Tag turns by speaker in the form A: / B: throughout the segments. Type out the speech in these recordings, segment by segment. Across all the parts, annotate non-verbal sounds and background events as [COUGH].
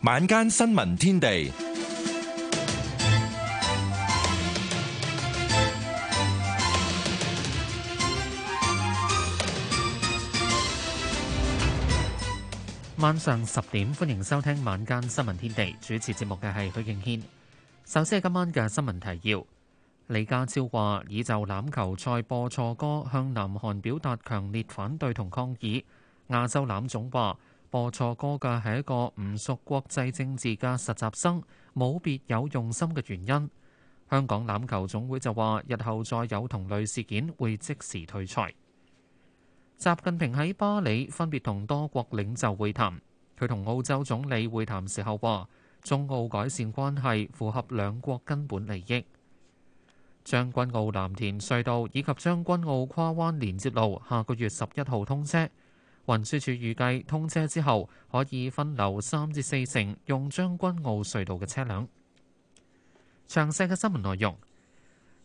A: 晚間新聞天地，
B: 晚上十點，歡迎收聽晚間新聞天地。主持節目嘅係許敬軒。首先係今晚嘅新聞提要。李家超話，已就欖球賽播錯歌向南韓表達強烈反對同抗議。亞洲欖總話。播錯歌嘅係一個唔熟國際政治嘅實習生，冇別有用心嘅原因。香港欖球總會就話日後再有同類事件，會即時退賽。習近平喺巴黎分別同多國領袖會談，佢同澳洲總理會談時候話中澳改善關係符合兩國根本利益。將軍澳藍田隧道以及將軍澳跨灣連接路下個月十一號通車。運輸署預計通車之後，可以分流三至四成用將軍澳隧道嘅車輛。詳細嘅新聞內容，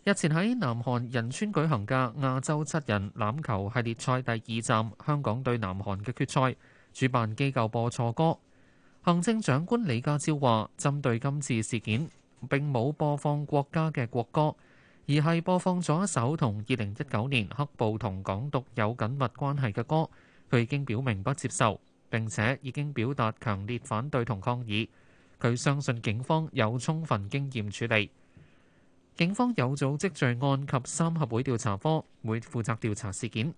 B: 日前喺南韓仁川舉行嘅亞洲七人欖球系列賽第二站，香港對南韓嘅決賽，主辦機構播錯歌。行政長官李家超話，針對今次事件，並冇播放國家嘅國歌，而係播放咗一首同二零一九年黑暴同港獨有緊密關係嘅歌。佢已經表明不接受，並且已經表達強烈反對同抗議。佢相信警方有充分經驗處理。警方有組織罪案及三合會調查科，會負責調查事件。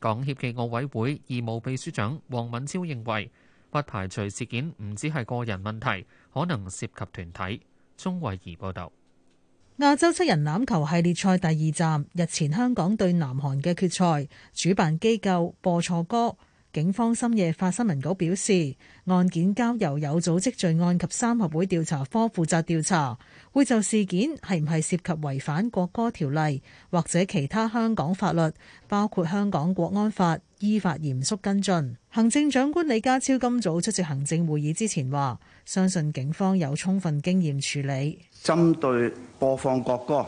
B: 港協暨奧委會義務秘書長黃敏超認為，不排除事件唔只係個人問題，可能涉及團體。鍾慧儀報導。
C: 亞洲七人欖球系列賽第二站日前香港對南韓嘅決賽，主辦機構播錯歌。警方深夜發新聞稿表示，案件交由有組織罪案及三合會調查科負責調查，會就事件係唔係涉及違反國歌條例或者其他香港法律，包括香港國安法，依法嚴肅跟進。行政長官李家超今早出席行政會議之前話，相信警方有充分經驗處理，
D: 針對播放國歌，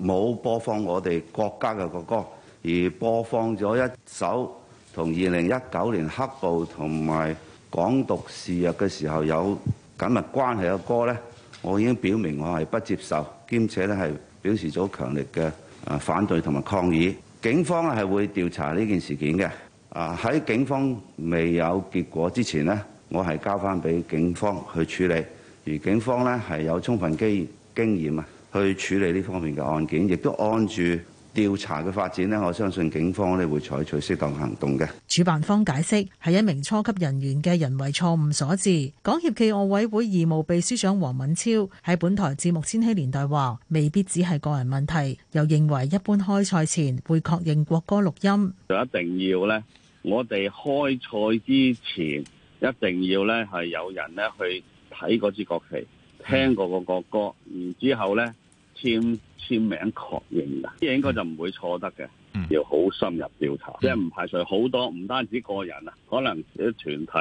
D: 冇播放我哋國家嘅國歌，而播放咗一首，同二零一九年黑暴同埋港獨肆虐嘅時候有緊密關係嘅歌咧，我已經表明我係不接受，兼且咧係表示咗強烈嘅反對同埋抗議，警方係會調查呢件事件嘅。啊喺警方未有結果之前咧，我係交翻俾警方去處理。而警方咧係有充分經經驗啊去處理呢方面嘅案件，亦都按住。調查嘅發展呢，我相信警方呢會採取適當行動嘅。
C: 主辦方解釋係一名初級人員嘅人為錯誤所致。港協暨奧委會義務秘書長黃敏超喺本台節目《千禧年代》話，未必只係個人問題，又認為一般開賽前會確認國歌錄音。
D: 就一定要呢，我哋開賽之前一定要呢，係有人呢去睇嗰支國旗，聽嗰個國歌，然之後呢。簽簽名確認噶，啲嘢應該就唔會錯得嘅，要好深入調查，即係唔排除好多，唔單止個人啊，可能團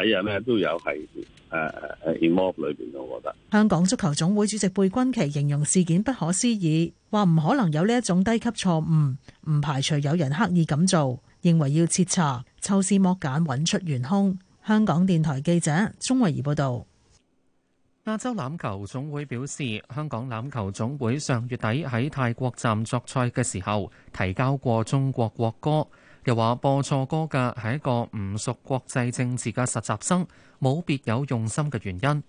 D: 體啊咩都有係誒誒誒 involv 裏邊咯，我覺得。
C: 香港足球總會主席貝鈞奇形容事件不可思議，話唔可能有呢一種低級錯誤，唔排除有人刻意咁做，認為要徹查，抽絲剝繭，揾出元兇。香港電台記者鍾慧儀報道。
B: 亞洲欖球總會表示，香港欖球總會上月底喺泰國站作賽嘅時候，提交過中國國歌，又話播錯歌嘅係一個唔熟國際政治嘅實習生，冇別有用心嘅原因。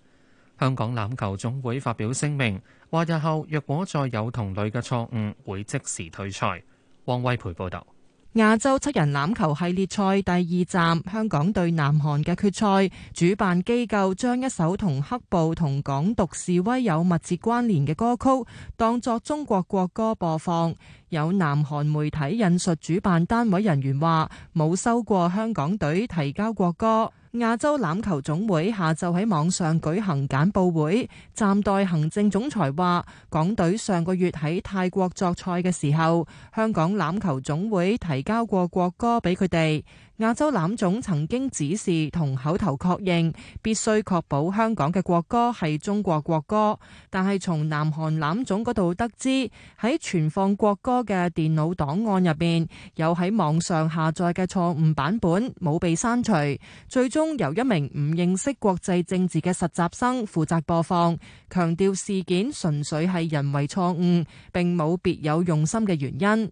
B: 香港欖球總會發表聲明，話日後若果再有同類嘅錯誤，會即時退賽。汪威培報道。
E: 亞洲七人欖球系列賽第二站，香港對南韓嘅決賽，主辦機構將一首同黑暴同港獨示威有密切關聯嘅歌曲當作中國國歌播放。有南韓媒體引述主辦單位人員話，冇收過香港隊提交國歌。亞洲欖球總會下晝喺網上舉行簡報會，暫代行政總裁話，港隊上個月喺泰國作賽嘅時候，香港欖球總會提交過國歌俾佢哋。亞洲攬總曾經指示同口頭確認，必須確保香港嘅國歌係中國國歌。但係從南韓攬總嗰度得知，喺存放國歌嘅電腦檔案入面，有喺網上下載嘅錯誤版本冇被刪除。最終由一名唔認識國際政治嘅實習生負責播放，強調事件純粹係人為錯誤，並冇別有用心嘅原因。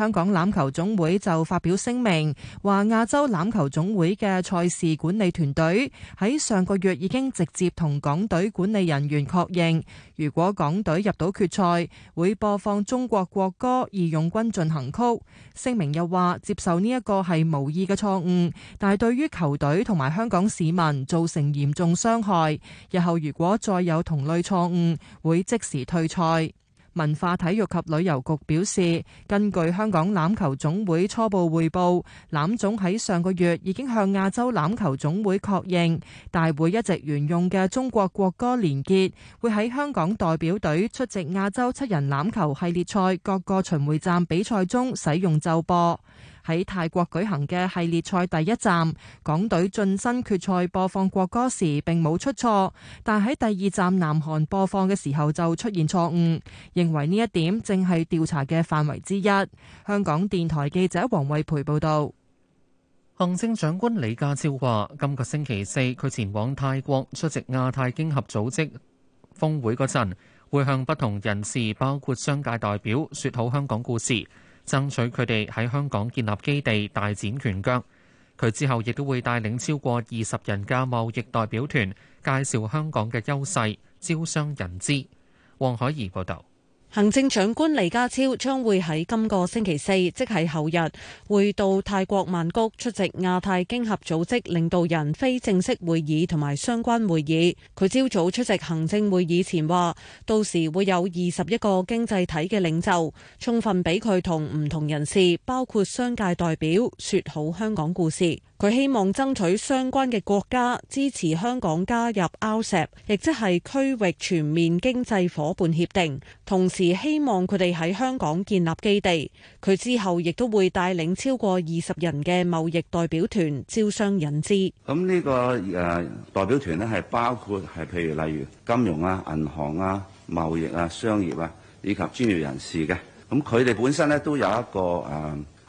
E: 香港欖球總會就發表聲明，話亞洲欖球總會嘅賽事管理團隊喺上個月已經直接同港隊管理人員確認，如果港隊入到決賽，會播放中國國歌《義勇軍進行曲》。聲明又話接受呢一個係無意嘅錯誤，但係對於球隊同埋香港市民造成嚴重傷害。日後如果再有同類錯誤，會即時退賽。文化、體育及旅遊局表示，根據香港欖球總會初步報告，欖總喺上個月已經向亞洲欖球總會確認，大會一直沿用嘅中國國歌連結，會喺香港代表隊出席亞洲七人欖球系列賽各個巡迴站比賽中使用奏播。喺泰國舉行嘅系列賽第一站，港隊晉身決賽播放國歌時，並冇出錯，但喺第二站南韓播放嘅時候就出現錯誤。認為呢一點正係調查嘅範圍之一。香港電台記者黃慧培報道。
B: 行政長官李家超話，今個星期四佢前往泰國出席亞太經合組織峰會嗰陣，會向不同人士，包括商界代表，說好香港故事。爭取佢哋喺香港建立基地，大展拳腳。佢之後亦都會帶領超過二十人嘅貿易代表團，介紹香港嘅優勢，招商引資。黃海怡報導。
F: 行政長官李家超將會喺今個星期四，即係後日，會到泰國曼谷出席亞太經合組織領導人非正式會議同埋相關會議。佢朝早出席行政會議前話，到時會有二十一個經濟體嘅領袖，充分俾佢同唔同人士，包括商界代表，說好香港故事。佢希望爭取相關嘅國家支持香港加入 RCEP，亦即係區域全面經濟夥伴協定。同時希望佢哋喺香港建立基地。佢之後亦都會帶領超過二十人嘅貿易代表團招商引資。
D: 咁呢個誒代表團咧，係包括係譬如例如金融啊、銀行啊、貿易啊、商業啊，以及專業人士嘅。咁佢哋本身呢，都有一個誒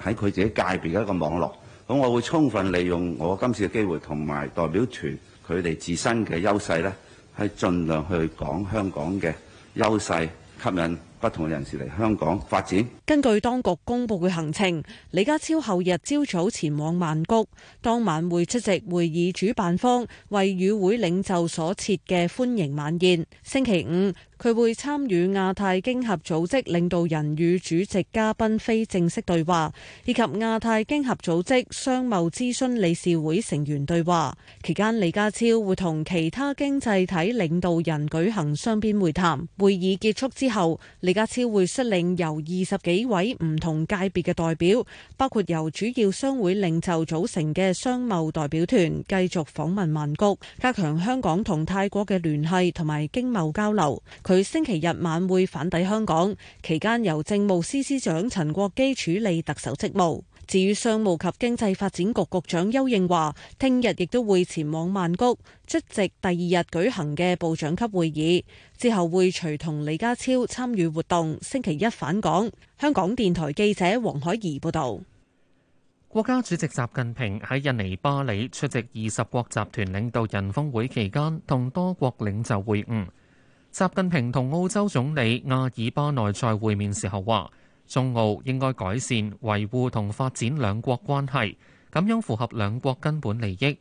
D: 喺佢自己界別嘅一個網絡。咁我會充分利用我今次嘅機會，同埋代表團佢哋自身嘅優勢呢，係盡量去講香港嘅優勢，吸引不同人士嚟香港發展。
F: 根據當局公佈嘅行程，李家超後日朝早前往曼谷，當晚會出席會議主辦方為與會領袖所設嘅歡迎晚宴。星期五，佢會參與亞太經合組織領導人與主席嘉賓非正式對話，以及亞太經合組織商貿諮詢理事會成員對話。期間，李家超會同其他經濟體領導人舉行雙邊會談。會議結束之後，李家超會率領由二十幾位唔同界別嘅代表，包括由主要商會領袖組成嘅商貿代表團，繼續訪問曼谷，加強香港同泰國嘅聯繫同埋經貿交流。佢星期日晚會返抵香港，期間由政務司司長陳國基處理特首職務。至於商務及經濟發展局局長邱應華，聽日亦都會前往曼谷出席第二日舉行嘅部長級會議，之後會隨同李家超參與活動，星期一返港。香港電台記者黃海怡報道。
B: 國家主席習近平喺印尼巴里出席二十國集團領導人峰會期間，同多國領袖會晤。習近平同澳洲總理阿爾巴內在會面時候話，中澳應該改善、維護同發展兩國關係，咁樣符合兩國根本利益。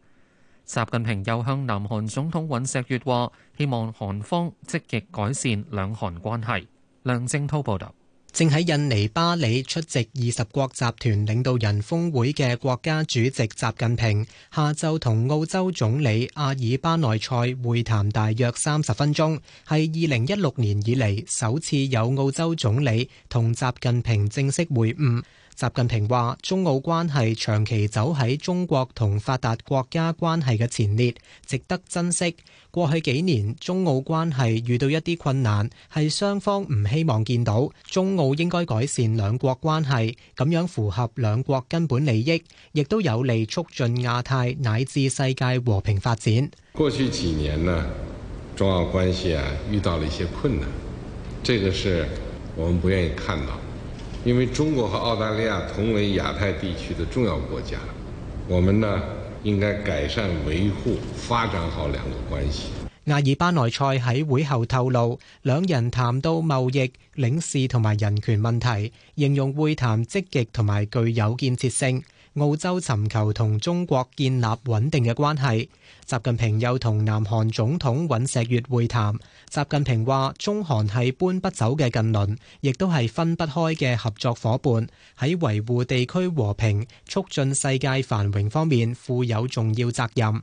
B: 習近平又向南韓總統尹錫悅話，希望韓方積極改善兩韓
G: 關係。梁正濤報道。正喺印尼巴里出席二十國集團領導人峰會嘅國家主席習近平，下晝同澳洲總理阿爾巴內塞會談大約三十分鐘，係二零一六年以嚟，首次有澳洲總理同習近平正式會晤。習近平話，中澳關係長期走喺中國同發達國家關係嘅前列，值得珍惜。過去幾年，中澳關係遇到一啲困難，係雙方唔希望見到。中澳應該改善兩國關係，咁樣符合兩國根本利益，亦都有利促進亞太乃至世界和平發展。
A: 過去幾年呢，中澳關係啊遇到了一些困難，這個是我們不願意看到。因為中國和澳大利亞同為亞太地區的重要國家，我們呢應該改善、維護、發展好兩國關係。
G: 阿爾巴內塞喺會後透露，兩人談到貿易、領事同埋人權問題，形容會談積極同埋具有建設性。澳洲尋求同中國建立穩定嘅關係。習近平又同南韓總統尹錫悦會談。習近平話中韓係搬不走嘅近鄰，亦都係分不開嘅合作夥伴，喺維護地區和平、促進世界繁榮方面負有重要責任。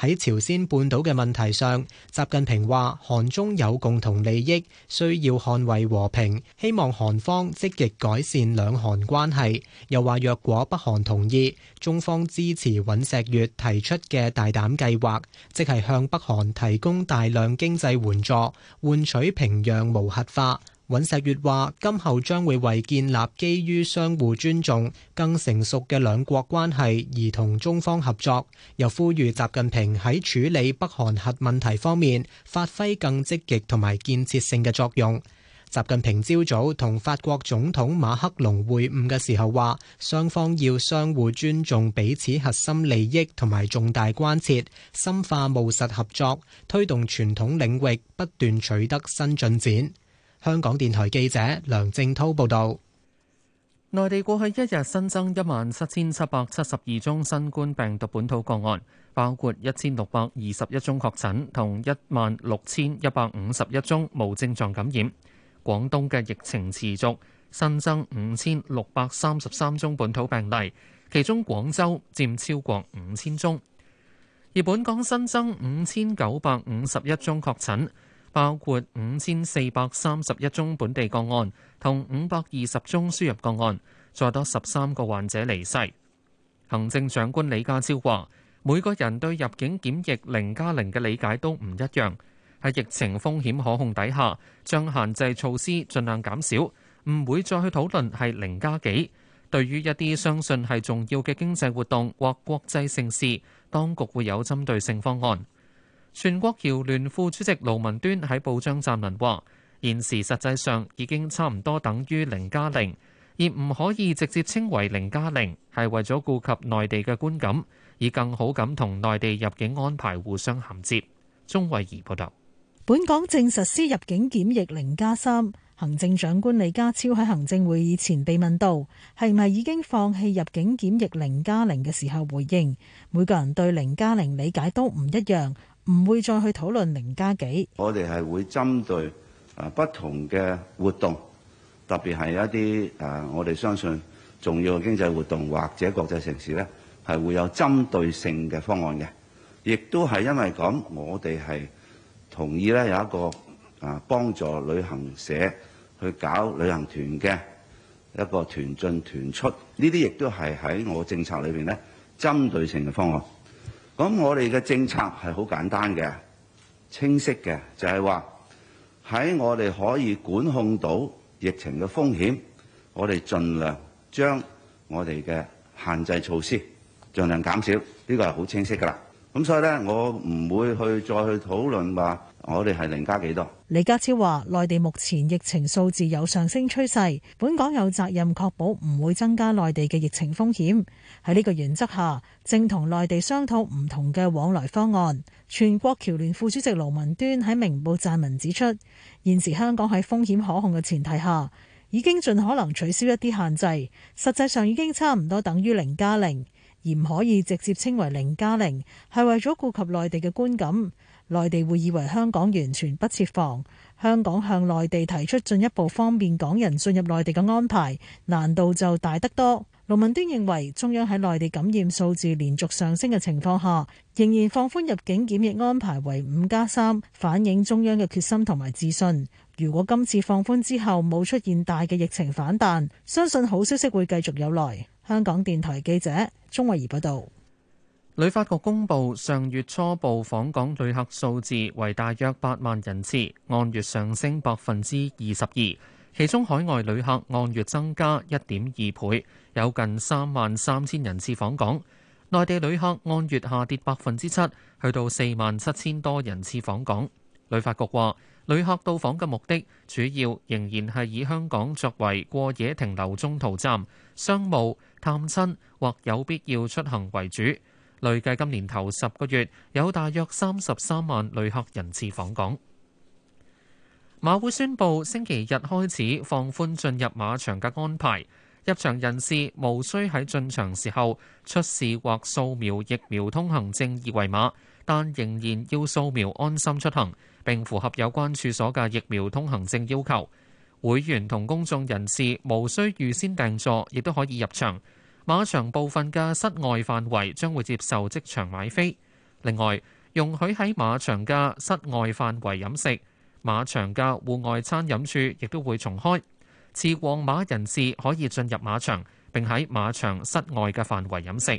G: 喺朝鮮半島嘅問題上，習近平話韓中有共同利益，需要捍衞和平，希望韓方積極改善兩韓關係。又話若果北韓同意，中方支持尹錫悅提出嘅大膽計劃，即係向北韓提供大量經濟援助，換取平壤無核化。尹錫悅話，今後將會為建立基於相互尊重、更成熟嘅兩國關係而同中方合作，又呼籲習近平喺處理北韓核問題方面發揮更積極同埋建設性嘅作用。習近平朝早同法國總統馬克龍會晤嘅時候話，雙方要相互尊重彼此核心利益同埋重大關切，深化務實合作，推動傳統領域不斷取得新進展。香港電台記者梁正濤報道，
B: 內地過去一日新增一萬七千七百七十二宗新冠病毒本土個案，包括一千六百二十一宗確診，同一萬六千一百五十一宗無症狀感染。廣東嘅疫情持續，新增五千六百三十三宗本土病例，其中廣州佔超過五千宗。而本港新增五千九百五十一宗確診。包括五千四百三十一宗本地個案同五百二十宗輸入個案，再多十三個患者離世。行政長官李家超話，每個人對入境檢疫零加零嘅理解都唔一樣，喺疫情風險可控底下，將限制措施盡量減少，唔會再去討論係零加幾。對於一啲相信係重要嘅經濟活動或國際盛事，當局會有針對性方案。全國僑聯副主席盧文端喺報章撰文話：現時實際上已經差唔多等於零加零，0，而唔可以直接稱為零加零，係為咗顧及內地嘅觀感，以更好咁同內地入境安排互相銜接。鍾慧儀報道，
C: 本港正實施入境檢疫零加三。3，行政長官李家超喺行政會議前被問到係咪已經放棄入境檢疫零加零嘅時候，回應：每個人對零加零理解都唔一樣。唔會再去討論零加幾，
D: 我哋係會針對啊不同嘅活動，特別係一啲誒，我哋相信重要嘅經濟活動或者國際城市咧，係會有針對性嘅方案嘅。亦都係因為咁，我哋係同意咧有一個啊幫助旅行社去搞旅行團嘅一個團進團出，呢啲亦都係喺我政策裏邊咧，針對性嘅方案。咁我哋嘅政策係好簡單嘅、清晰嘅，就係話喺我哋可以管控到疫情嘅風險，我哋盡量將我哋嘅限制措施盡量減少，呢個係好清晰㗎啦。咁所以呢，我唔會去再去討論話我哋係零加幾多。
C: 李家超話內地目前疫情數字有上升趨勢，本港有責任確保唔會增加內地嘅疫情風險，喺呢個原則下，正同內地商討唔同嘅往來方案。全國僑聯副主席盧文端喺明報撰文指出，現時香港喺風險可控嘅前提下，已經盡可能取消一啲限制，實際上已經差唔多等於零加零。0，而唔可以直接稱為零加零，係為咗顧及內地嘅觀感，內地會以為香港完全不設防。香港向內地提出進一步方便港人進入內地嘅安排，難度就大得多。盧文端認為，中央喺內地感染數字連續上升嘅情況下，仍然放寬入境檢疫安排為五加三，反映中央嘅決心同埋自信。如果今次放寬之後冇出現大嘅疫情反彈，相信好消息會繼續有來。香港電台記者鍾慧儀報道，
B: 旅發局公布上月初步訪港旅客數字為大約八萬人次，按月上升百分之二十二，其中海外旅客按月增加一點二倍，有近三萬三千人次訪港；內地旅客按月下跌百分之七，去到四萬七千多人次訪港。旅發局話。旅客到訪嘅目的主要仍然係以香港作為過夜停留中途站、商務、探親或有必要出行為主。累計今年頭十個月，有大約三十三萬旅客人次訪港。馬會宣布星期日開始放寬進入馬場嘅安排，入場人士無需喺進場時候出示或掃描疫苗通行證二維碼，但仍然要掃描安心出行。並符合有關處所嘅疫苗通行證要求，會員同公眾人士無需預先訂座，亦都可以入場。馬場部分嘅室外範圍將會接受即場買飛，另外容許喺馬場嘅室外範圍飲食。馬場嘅戶外餐飲處亦都會重開，持黃碼人士可以進入馬場並喺馬場室外嘅範圍飲食。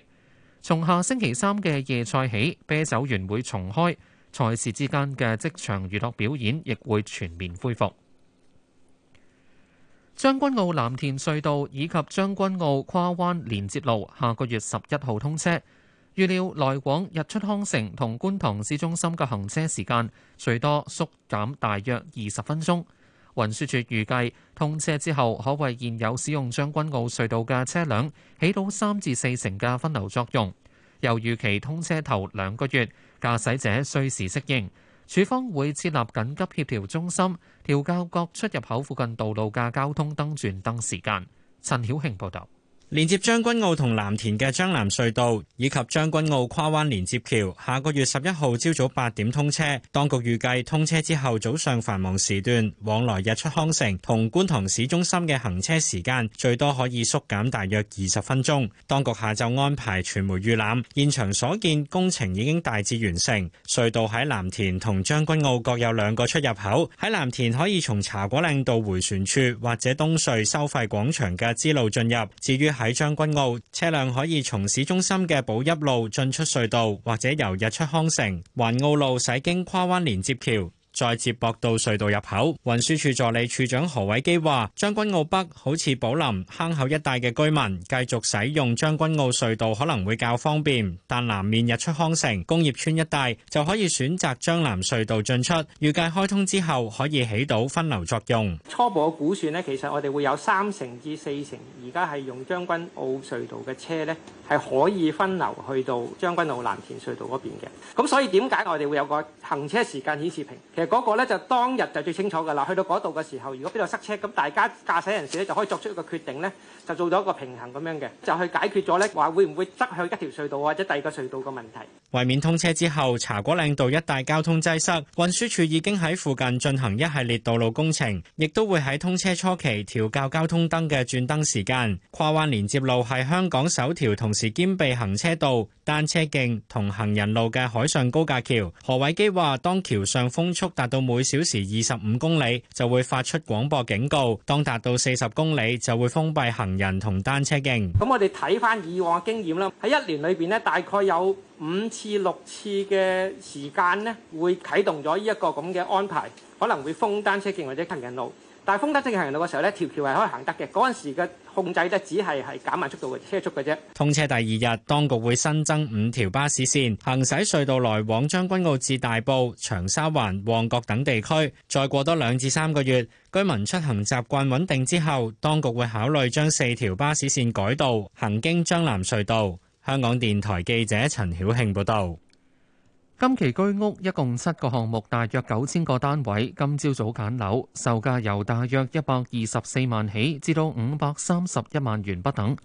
B: 從下星期三嘅夜賽起，啤酒園會重開。賽事之間嘅即場娛樂表演亦會全面恢復。將軍澳藍田隧道以及將軍澳跨灣連接路下個月十一號通車，預料來往日出康城同觀塘市中心嘅行車時間最多縮減大約二十分鐘。運輸署預計通車之後，可為現有使用將軍澳隧道嘅車輛起到三至四成嘅分流作用。又預期通車頭兩個月，駕駛者需時適應，署方會設立緊急協調中心，調校各出入
H: 口附近道路嘅交通燈轉燈時間。陳曉慶報導。連接將軍澳同藍田嘅將藍隧道以及將軍澳跨灣連接橋下個月十一號朝早八點通車，當局預計通車之後早上繁忙時段往來日出康城同觀塘市中心嘅行車時間最多可以縮減大約二十分鐘。當局下晝安排傳媒預覽，現場所見工程已經大致完成。隧道喺藍田同將軍澳各有兩個出入口，喺藍田可以從茶果嶺道回旋處或者東隧收費廣場嘅支路進入。至於喺將軍澳，車輛可以從市中心嘅寶邑路進出隧道，或者由日出康城、環澳路駛經跨灣連接橋，再接駁到隧道入口。運輸署助理處長何偉基話：將軍澳北好似寶林、坑口一帶嘅居民，繼續使用將軍澳隧道可能會較方便。但南面日出康城、工業村一帶就可以選擇將南隧道進出。預計開通之後可以起到分流作用。初步估算呢，其實我哋會有三成至四成，而家係用將軍澳隧道嘅車呢，係可以分流去到將軍澳藍田隧道嗰邊嘅。咁所以點解我哋會有個行車時間顯示屏？其實嗰個咧就當日就最清楚㗎啦，去到嗰度嘅時候，如果邊度塞車，咁大家駕駛人士咧就可以作出一個決定咧，就做咗一個平衡咁樣嘅，就去解決咗咧話會唔會擠向一條隧道或者第二個隧道嘅問題。為免通車之後茶果嶺道一帶交通擠塞，運輸署已經喺附近進行一系列道路工程，亦都會喺通車初期調校交通燈嘅轉燈時間。跨灣連接路係香港首條同時兼備行車道、單車徑同行人路嘅海上高架橋。何偉基話：當橋上風速達到每小時二十五公里就會發出廣播警告，當達到四十公里就會封閉行人同單車徑。咁我哋睇翻以往嘅經驗啦，喺一年裏邊咧，大概有五次六次嘅時間咧會啟動咗呢一個咁嘅安排，可能會封單車徑或者行人路。但係封得正常行路嘅時候呢，條橋係可以行得嘅。嗰陣時嘅控制得只係係減慢速度嘅車速嘅啫。通車第二日，當局會新增五條巴士線，行駛隧道來往將軍澳至大埔、長沙灣、旺角等地區。再過多兩至三個月，居民出行習慣穩定之後，當局會考慮將四條巴士線改道行經將南隧道。香港電台記者陳曉慶報道。今期
B: 居屋一共七個項目，大約九千個單位。今朝早揀樓，售價由大約一百二十四萬起至到五百三十一萬元不等。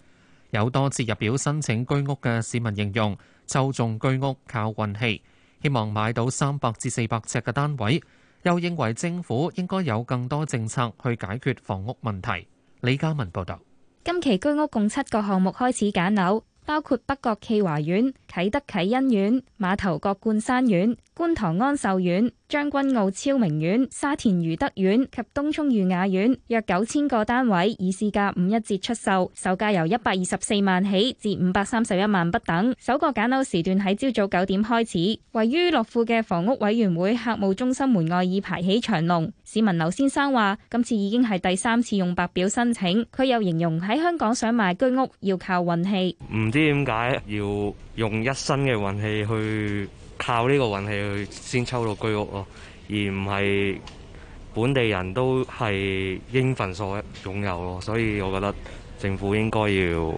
B: 有多次入表申請居屋嘅市民形容抽中居屋靠運氣，希望買到三百至四百尺嘅單位，又認為政府應該有更多政策去解決房屋問題。李嘉文報道，
I: 今期居屋共七個項目開始揀樓。包括北角暨華苑、啟德啟欣苑、馬頭角冠山苑。觀塘安秀苑、將軍澳昭明苑、沙田裕德苑及東涌裕雅苑約九千個單位以市價五一折出售，售價由一百二十四萬起至五百三十一萬不等。首個揀樓時段喺朝早九點開始，位於樂富嘅房屋委員會客務中心門外已排起長龍。市民劉先生話：今次已經係第三次用白表申請，佢又形容喺香港想買居屋要靠運氣，
B: 唔知點解要用一身嘅運氣去。靠呢個運氣去先抽到居屋咯，而唔係本地人都係應份所擁有咯，所以我覺得政府應該要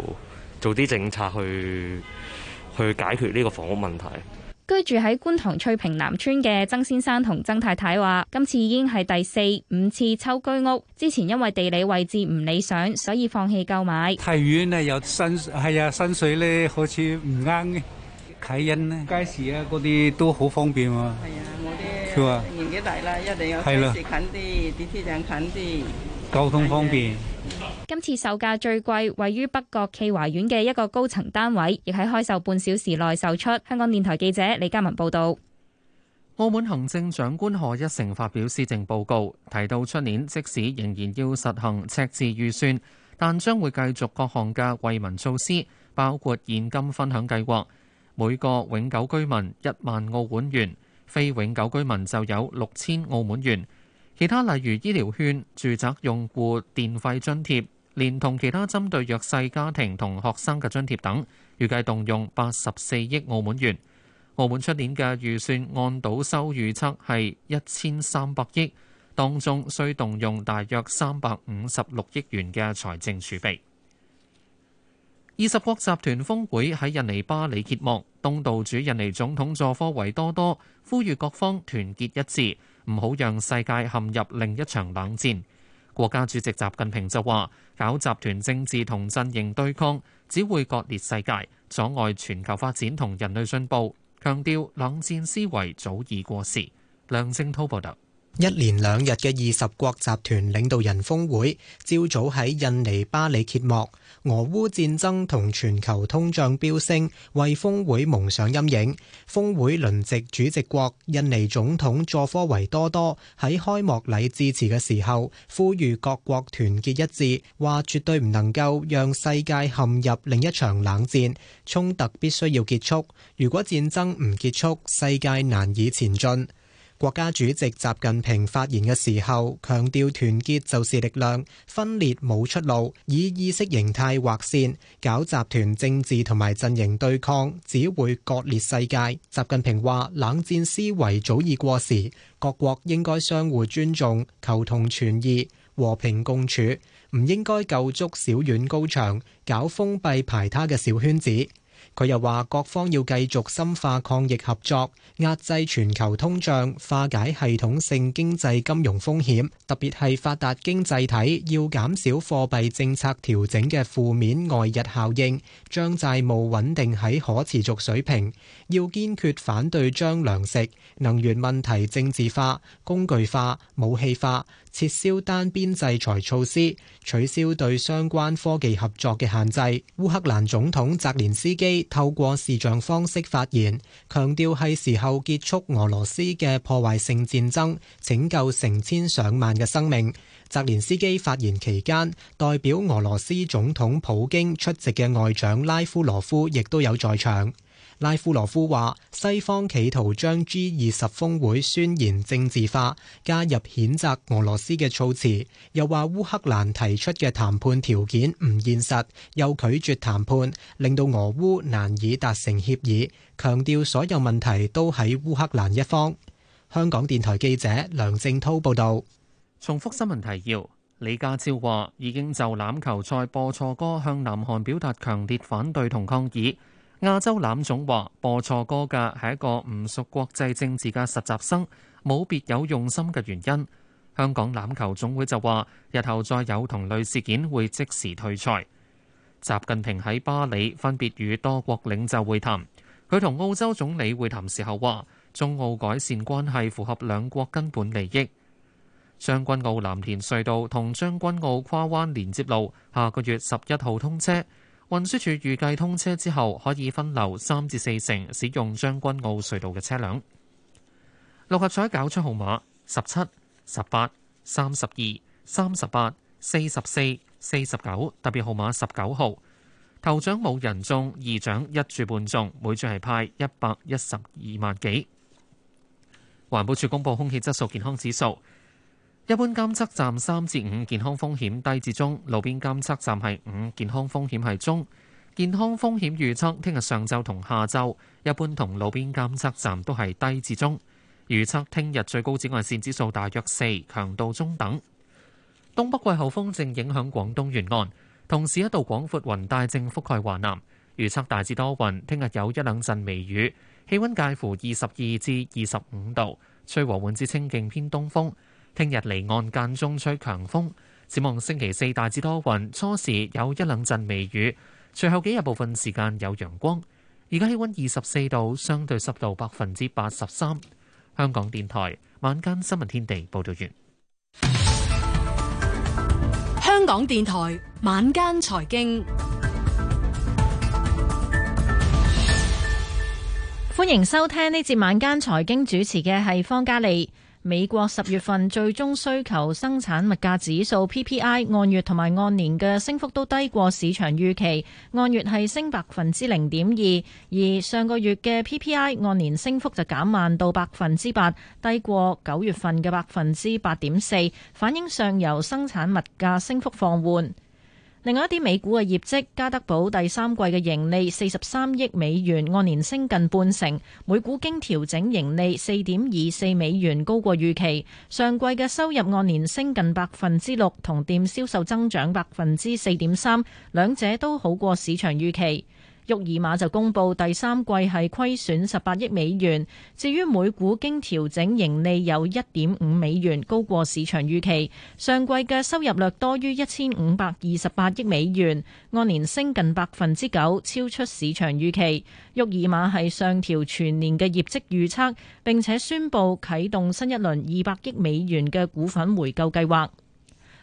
B: 做啲政策去去解決呢個房屋問題。
I: 居住喺觀塘翠屏南村嘅曾先生同曾太太話，今次已經係第四五次抽居屋，之前因為地理位置唔理想，所以放棄購買。
A: 太遠啦，有薪係
H: 啊，薪水咧好似唔啱睇人呢街市啊，嗰啲都好方
D: 便喎。係啊，我啲年
H: 紀大啦，啊、一定要街市近啲，地鐵站近啲，
D: 交通方便。
I: 今次售價最貴，位於北角暨華苑嘅一個高層單位，亦喺開售半小時內售出。香港電台記者李嘉文報道。
B: 澳門行政長官賀一誠發表施政報告，提到出年即使仍然要實行赤字預算，但將會繼續各項嘅惠民措施，包括現金分享計劃。每個永久居民一萬澳門元，非永久居民就有六千澳門元。其他例如醫療券、住宅用戶電費津貼，連同其他針對弱勢家庭同學生嘅津貼等，預計動用八十四億澳門元。澳門出年嘅預算按倒收預測係一千三百億，當中需動用大約三百五十六億元嘅財政儲備。二十國集團峰會喺印尼巴里揭幕，東道主印尼總統佐科維多多呼籲各方團結一致，唔好讓世界陷入另一場冷戰。國家主席習近平就話：搞集團政治同陣營對抗，只會割裂世界，阻礙全球發展同人類進步，強調冷戰思維早已過時。梁正滔報道。
G: 一連兩日嘅二十國集團領導人峰會，朝早喺印尼巴里揭幕。俄烏戰爭同全球通脹飆升，為峰會蒙上陰影。峰會輪值主席國印尼總統佐科維多多喺開幕禮致辭嘅時候，呼籲各國團結一致，話絕對唔能夠讓世界陷入另一場冷戰。衝突必須要結束，如果戰爭唔結束，世界難以前進。國家主席習近平發言嘅時候，強調團結就是力量，分裂冇出路。以意識形態劃線、搞集團政治同埋陣營對抗，只會割裂世界。習近平話：冷戰思維早已過時，各國應該相互尊重、求同存異、和平共處，唔應該構築小院高牆、搞封閉排他嘅小圈子。佢又話：各方要繼續深化抗疫合作，壓制全球通脹，化解系統性經濟金融風險。特別係發達經濟體要減少貨幣政策調整嘅負面外溢效應，將債務穩定喺可持續水平。要堅決反對將糧食能源問題政治化、工具化、武器化，撤銷單邊制裁措施，取消對相關科技合作嘅限制。烏克蘭總統澤連斯基透過視像方式發言，強調係時候結束俄羅斯嘅破壞性戰爭，拯救成千上萬嘅生命。澤連斯基發言期間，代表俄羅斯總統普京出席嘅外長拉夫羅夫亦都有在場。拉夫羅夫話：西方企圖將 G 二十峰會宣言政治化，加入譴責俄羅斯嘅措辭，又話烏克蘭提出嘅談判條件唔現實，又拒絕談判，令到俄烏難以達成協議。強調所有問題都喺烏克蘭一方。香港電台記者梁正滔報導。重複新聞提
B: 要：李家超話已經就欖球賽播錯歌向南韓表達強烈反對同抗議。亞洲欖總話播錯歌嘅係一個唔熟國際政治嘅實習生，冇別有用心嘅原因。香港欖球總會就話，日後再有同類事件會即時退賽。習近平喺巴黎分別與多國領袖會談，佢同澳洲總理會談時候話，中澳改善關係符合兩國根本利益。將軍澳藍田隧道同將軍澳跨灣連接路下個月十一號通車。運輸署預計通車之後，可以分流三至四成使用將軍澳隧道嘅車輛。六合彩攪出號碼十七、十八、三十二、三十八、四十四、四十九，特別號碼十九號。頭獎冇人中，二獎一注半中，每注係派一百一十二萬幾。環保署公布空氣質素健康指數。一般監測站三至五健康風險低至中，路邊監測站係五健康風險係中。健康風險預測聽日上晝同下晝一般同路邊監測站都係低至中。預測聽日最高紫外線指數大約四，強度中等。東北季候風正影響廣東沿岸，同時一度廣闊雲帶正覆蓋華南。預測大致多雲，聽日有一兩陣微雨，氣温介乎二十二至二十五度，吹和緩至清勁偏東風。聽日離岸間中吹強風，展望星期四大致多雲，初時有一兩陣微雨，隨後幾日部分時間有陽光。而家氣温二十四度，相對濕度百分之八十三。香港電台晚間新聞天地報道完。
F: 香港電台晚間財經，
J: 歡迎收聽呢節晚間財經，主持嘅係方嘉莉。美國十月份最終需求生產物價指數 PPI 按月同埋按年嘅升幅都低過市場預期，按月係升百分之零點二，而上個月嘅 PPI 按年升幅就減慢到百分之八，低過九月份嘅百分之八點四，反映上游生產物價升幅放緩。另外一啲美股嘅業績，加德寶第三季嘅盈利四十三億美元，按年升近半成，每股經調整盈利四點二四美元，高過預期。上季嘅收入按年升近百分之六，同店銷售增長百分之四點三，兩者都好過市場預期。沃爾瑪就公布第三季係虧損十八億美元，至於每股經調整盈利有一點五美元，高過市場預期。上季嘅收入略多於一千五百二十八億美元，按年升近百分之九，超出市場預期。沃爾瑪係上調全年嘅業績預測，並且宣布啟動新一輪二百億美元嘅股份回購計劃。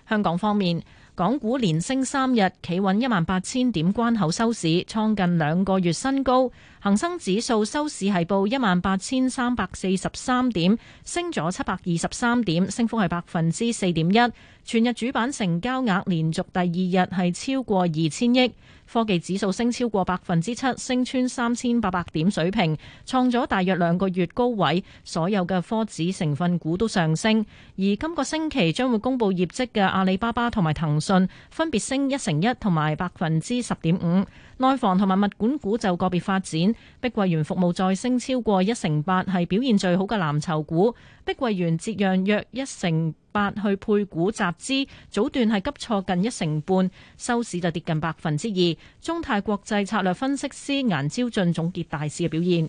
J: 香港方面。港股連升三日，企穩一萬八千點關口收市，創近兩個月新高。恒生指數收市係報一萬八千三百四十三點，升咗七百二十三點，升幅係百分之四點一。全日主板成交額連續第二日係超過二千億。科技指數升超過百分之七，升穿三千八百點水平，創咗大約兩個月高位。所有嘅科指成分股都上升。而今個星期將會公布業績嘅阿里巴巴同埋騰訊，分別升一成一同埋百分之十點五。內房同埋物管股就個別發展。碧桂園服務，再升超過一成八，係表現最好嘅藍籌股。碧桂園折讓約一成八去配股集資，早段係急挫近一成半，收市就跌近百分之二。中泰國際策略分析師顏朝俊總結大市嘅表現。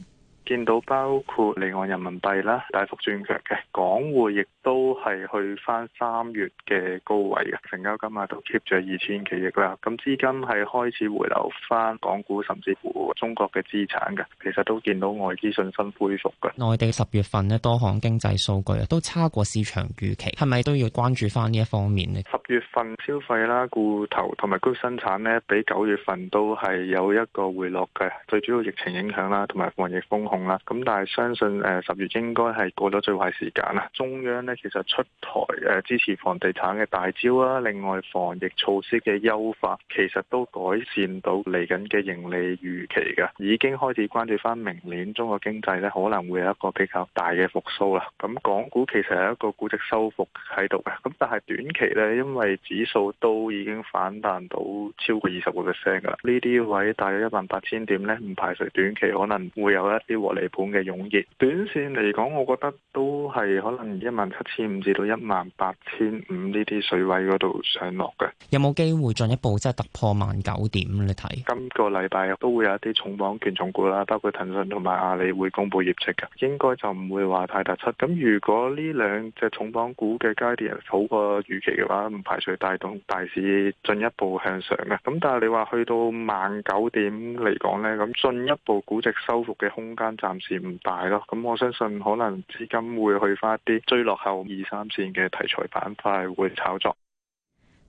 K: 見到包括離岸人民幣啦，大幅轉強嘅港匯亦都係去翻三月嘅高位嘅，成交金額都 keep 住二千幾億啦。咁資金係開始回流翻港股，甚至乎中國嘅資產嘅，其實都見到外資信心恢復。
H: 內地十月份呢，多項經濟數據啊都差過市場預期，係咪都要關注翻呢一方面咧？
K: 十月份消費啦、固投同埋高生產咧，比九月份都係有一個回落嘅，最主要疫情影響啦，同埋防疫封咁但係相信誒，十月應該係過咗最壞時間啦。中央咧其實出台誒、呃、支持房地產嘅大招啦，另外防疫措施嘅優化，其實都改善到嚟緊嘅盈利預期嘅，已經開始關注翻明年中國經濟咧可能會有一個比較大嘅復蘇啦。咁、嗯、港股其實係一個估值修復喺度嘅，咁但係短期咧因為指數都已經反彈到超過二十個 percent 噶啦，呢啲位大約一萬八千點咧，唔排除短期可能會有一啲。獲利盤嘅湧現，短線嚟講，我覺得都係可能一萬七千五至到一萬八千五呢啲水位嗰度上落嘅。
H: 有冇機會進一步即係突破萬九點？你睇
K: 今個禮拜都會有一啲重磅權重股啦，包括騰訊同埋阿里會公布業績嘅，應該就唔會話太突出。咁如果呢兩隻重磅股嘅階段好過預期嘅話，唔排除帶動大市進一步向上嘅。咁但係你話去到萬九點嚟講咧，咁進一步估值收復嘅空間？暫時唔大咯，咁我相信可能資金會去翻一啲追落後二三線嘅題材板塊會炒作。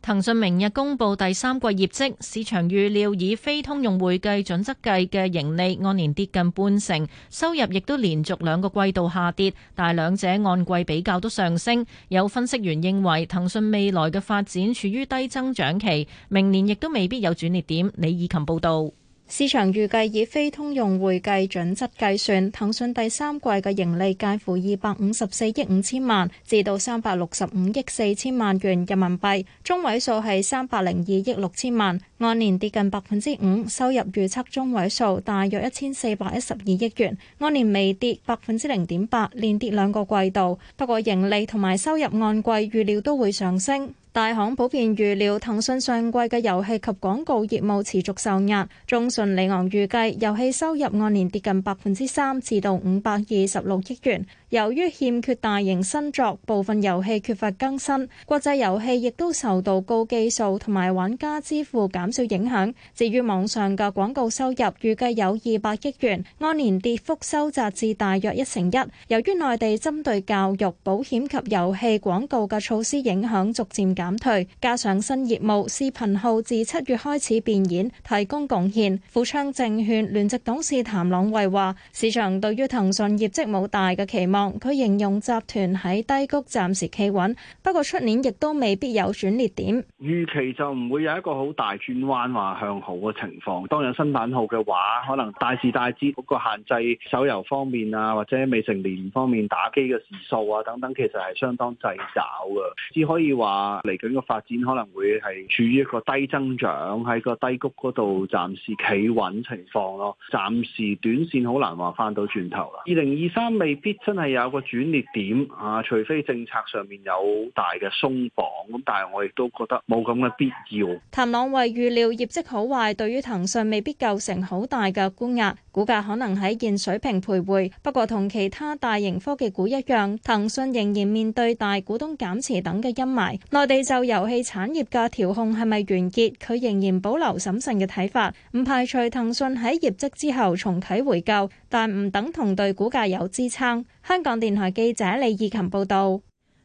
J: 騰訊明日公布第三季業績，市場預料以非通用會計準則計嘅盈利按年跌近半成，收入亦都連續兩個季度下跌，但兩者按季比較都上升。有分析員認為騰訊未來嘅發展處於低增長期，明年亦都未必有轉捩點。李以琴報導。市
L: 場預計以非通用會計準則計算，騰訊第三季嘅盈利介乎二百五十四億五千萬至到三百六十五億四千萬元人民幣，中位數係三百零二億六千萬，按年跌近百分之五。收入預測中位數大約一千四百一十二億元，按年微跌百分之零點八，連跌兩個季度。不過盈利同埋收入按季預料都會上升。大行普遍預料，騰訊上季嘅遊戲及廣告業務持續受壓。中信里昂預計，遊戲收入按年跌近百分之三，至到五百二十六億元。由於欠缺大型新作，部分遊戲缺乏更新，國際遊戲亦都受到高基數同埋玩家支付減少影響。至於網上嘅廣告收入，預計有二百億元，按年跌幅收窄至大約一成一。由於內地針對教育、保險及遊戲廣告嘅措施影響逐漸減，減退，加上新業務視頻號自七月開始變現提供貢獻，富昌證券聯席董事譚朗蔚話：市場對於騰訊業績冇大嘅期望。佢形容集團喺低谷暫時企穩，不過出年亦都未必有轉捩
K: 點。預期就唔會有一個好大轉彎話向好嘅情況。當有新版號嘅話，可能大時大節嗰個限制手遊方面啊，或者未成年方面打機嘅時數啊等等，其實係相當掣肘嘅。只可以話嚟緊個發展可能會係處於一個低增長，喺個低谷嗰度暫時企穩情況咯。暫時短線好難話翻到轉頭啦。二零二三未必真係。係有個轉捩點啊，除非政策上面有大嘅鬆綁，咁但係我亦都覺得冇咁嘅必要。
L: 譚朗維預料業績好壞，對於騰訊未必構成好大嘅沽壓，股價可能喺現水平徘徊。不過同其他大型科技股一樣，騰訊仍然面對大股東減持等嘅陰霾。內地就遊戲產業嘅調控係咪完結？佢仍然保留審慎嘅睇法，唔排除騰訊喺業績之後重啓回購。但唔等同對股價有支撐，香港電
J: 台記者李義琴報道，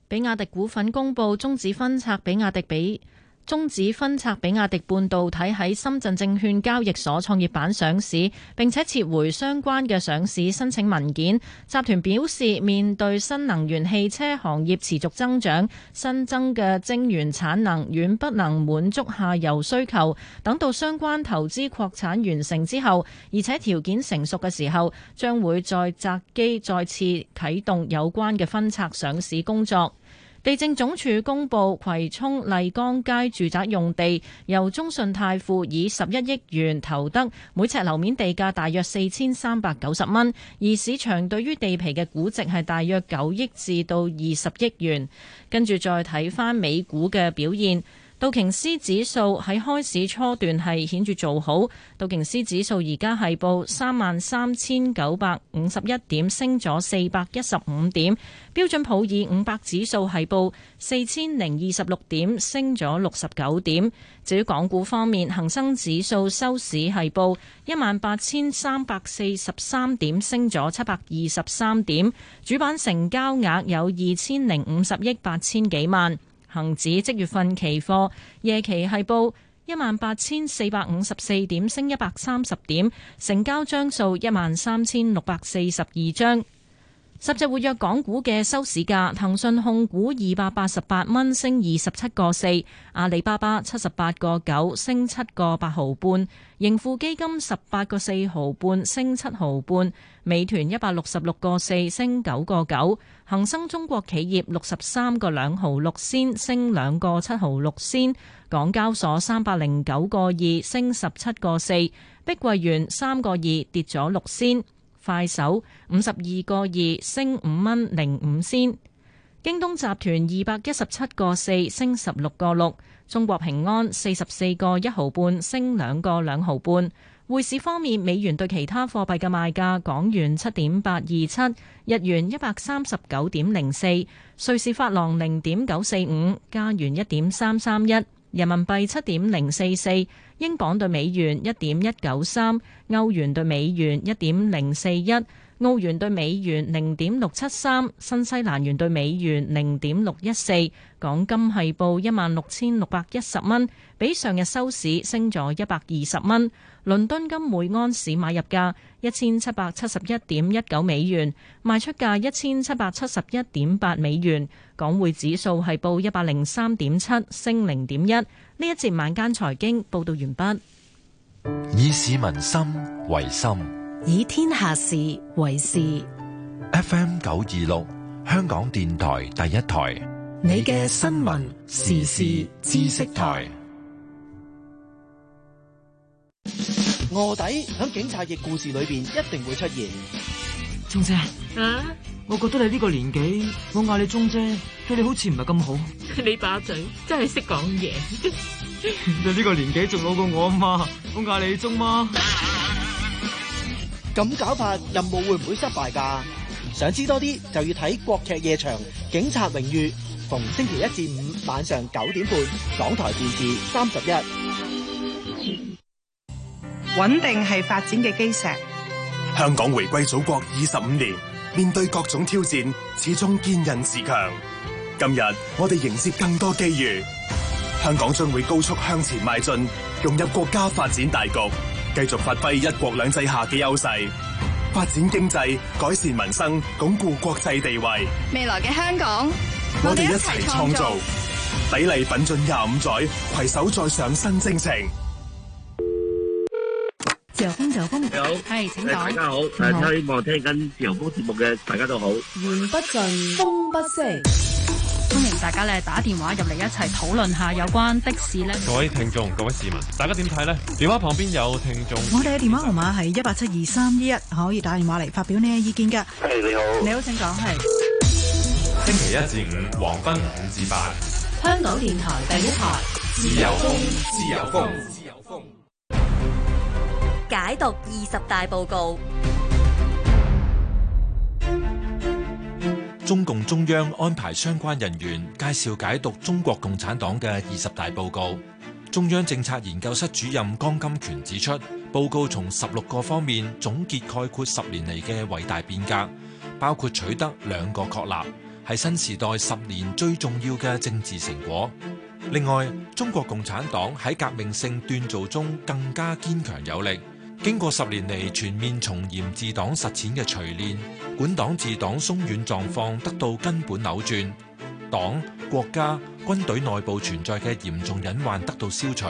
J: 比亞迪股份公佈終止分拆比亞迪比。終止分拆比亞迪半導體喺深圳證券交易所創業板上市，並且撤回相關嘅上市申請文件。集團表示，面對新能源汽車行業持續增長，新增嘅晶圓產能遠不能滿足下游需求。等到相關投資擴產完成之後，而且條件成熟嘅時候，將會再擇機再次啟動有關嘅分拆上市工作。地政總署公布葵涌麗江街住宅用地由中信泰富以十一億元投得，每尺樓面地價大約四千三百九十蚊，而市場對於地皮嘅估值係大約九億至到二十億元。跟住再睇返美股嘅表現。道瓊斯指數喺開市初段係顯著做好，道瓊斯指數而家係報三萬三千九百五十一點，升咗四百一十五點。標準普爾五百指數係報四千零二十六點，升咗六十九點。至於港股方面，恒生指數收市係報一萬八千三百四十三點，升咗七百二十三點。主板成交額有二千零五十億八千幾萬。恒指即月份期貨夜期係報一萬八千四百五十四點，升一百三十點，成交張數一萬三千六百四十二張。十隻活躍港股嘅收市價，騰訊控股二百八十八蚊，升二十七個四；阿里巴巴七十八個九，升七個八毫半；盈富基金十八個四毫半，升七毫半；美團一百六十六個四，升九個九；恒生中國企業六十三個兩毫六仙，升兩個七毫六仙；港交所三百零九個二，升十七個四；碧桂園三個二，跌咗六仙。快手五十二個二升五蚊零五仙，京東集團二百一十七個四升十六個六，中國平安四十四個一毫半升兩個兩毫半。匯市方面，美元對其他貨幣嘅賣價，港元七點八二七，日元一百三十九點零四，瑞士法郎零點九四五，加元一點三三一。人民幣七點零四四，英鎊對美元一點一九三，歐元對美元一點零四一。澳元對美元零點六七三，新西蘭元對美元零點六一四，港金係報一萬六千六百一十蚊，比上日收市升咗一百二十蚊。倫敦金每安士買入價一千七百七十一點一九美元，賣出價一千七百七十一點八美元。港匯指數係報一百零三點七，升零點一。呢一節晚間財經報道完畢。
A: 以市民心為心。
J: 以天下事為事。
A: FM 九二六，香港電台第一台，你嘅新聞時事知識台。臥底喺警察嘅故事裏邊一定會出現。
C: 鍾姐，啊？
A: 我覺得你呢個年紀，我嗌你鍾姐，對你好似唔係咁好。
B: 你把嘴
C: 真係識講
J: 嘢。
A: [LAUGHS] 你呢個年紀仲老過我阿媽，
G: 我嗌你鍾媽。咁搞法任務會唔會失敗噶？想知多啲就要睇國劇夜場《警察榮譽》，逢星期一至五晚上九點半，港台電視三十一。穩定係發
E: 展嘅基石。
K: 香港回歸祖國二十五年，面對各種挑戰，始終堅韌自強。今日我哋迎接更多機遇，香港將會高速向前邁進，融入國家發展大局。繼
L: 續
J: 大家咧，打電話入嚟一齊討論下有關的士咧。各位
A: 聽眾、各位市民，大家點睇咧？電話旁邊有聽眾。我哋
C: 嘅電話號碼係一八七二三一一，可以打電話嚟發表你嘅意見噶。喂，你好。
A: 你
D: 好，
C: 請講。係
A: 星期一至五黃昏五至八。
C: 香港電台第一台
F: 電。
B: 自
A: 由風，自由風，自由風。
F: 解讀二
B: 十大報告。
A: 中共中央安排相關人員介紹解讀中國共產黨嘅二十大報告。中央政策研究室主任江金權指出，報告從十六個方面總結概括十年嚟嘅偉大變革，包括取得兩個確立，係新時代十年最重要嘅政治成果。另外，中國共產黨喺革命性鍛造中更加堅強有力。經過十年嚟全面從嚴治黨實踐嘅錘煉，管黨治黨鬆軟狀況得到根本扭轉，黨、國家、軍隊內部存在嘅嚴重隱患得到消除，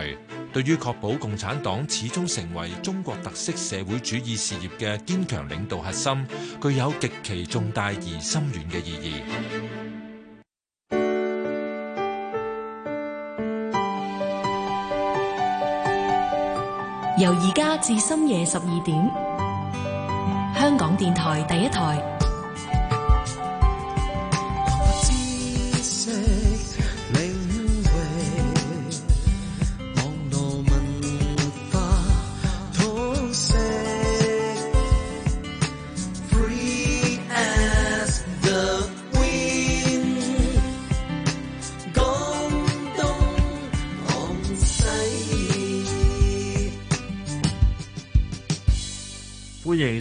A: 對於確保共產黨始終成為中國特色社會主義事業嘅堅強領導核心，具有極其重大而深遠嘅意義。
E: 由而家至深夜十二點，香港電台第一台。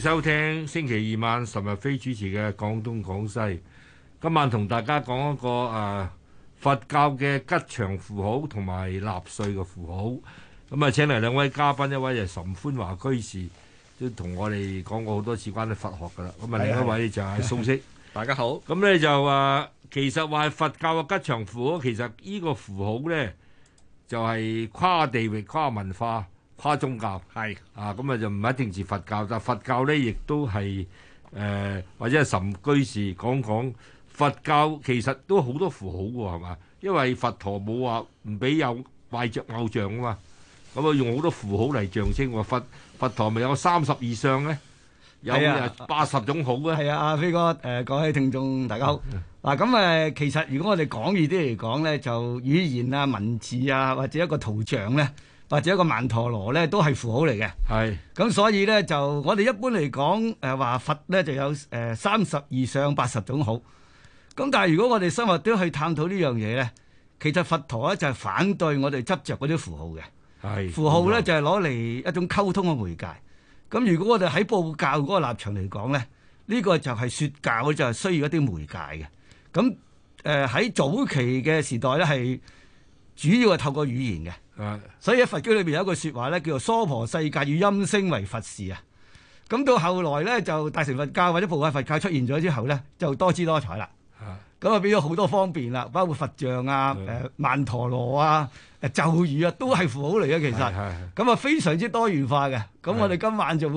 A: 收聽星期二晚岑日飛主持嘅《廣東廣西》，今晚同大家講一個誒、呃、佛教嘅吉祥符號同埋納粹嘅符號。咁、嗯、啊，請嚟兩位嘉賓，一位就係岑寬華居士，都同我哋講過好多次關於佛學噶啦。咁、嗯、啊，另一位就係蘇式。 [LAUGHS] 大家好。咁咧就誒，其實話佛教嘅吉祥符號，其實個呢個符號咧就係、是、跨地域、跨文化。跨宗教係是啊，咁啊就唔係一定係佛教，但佛教咧亦都係誒、呃，或者係岑居士講講佛教，其實都好多符號喎，係嘛？因為佛陀冇話唔俾有拜着偶像啊嘛，咁啊用好多符號嚟象徵喎。佛佛陀咪有三
D: 十二相咧，有八十種好咧。係啊，阿、啊、飛哥誒、呃，各位聽眾大家好。嗱、嗯，咁誒、啊、其實如果我哋廣義啲嚟講咧，就語言啊、文字啊，或者一個圖像咧，或者一個曼陀羅咧都係符號嚟嘅，係咁是，所以咧就我哋一般嚟講誒話佛咧就有誒、呃、三十二相八十種好。咁但係如果我哋深入啲去探討呢樣嘢咧，其實佛陀咧就係、是、反對我哋執着嗰啲符號嘅，係是符號咧、嗯、就係攞嚟一種溝通嘅媒介。咁如果我哋喺布教嗰個立場嚟講咧，呢、這個就係說教就係、是、需要一啲媒介嘅。咁誒喺早期嘅時代咧係主要係透過語言嘅。所以喺佛經裏邊有一句說話咧，叫做娑婆世界以音聲為佛事啊。咁到後來咧，就大乘佛教或者菩薩佛教出現咗之後咧，就多姿多彩啦。咁啊，變咗好多方便啦，包括佛像啊、誒、呃、曼陀羅啊、誒咒語啊，都係符號嚟嘅。其實咁啊，非常之多元化嘅。咁我哋今晚就會。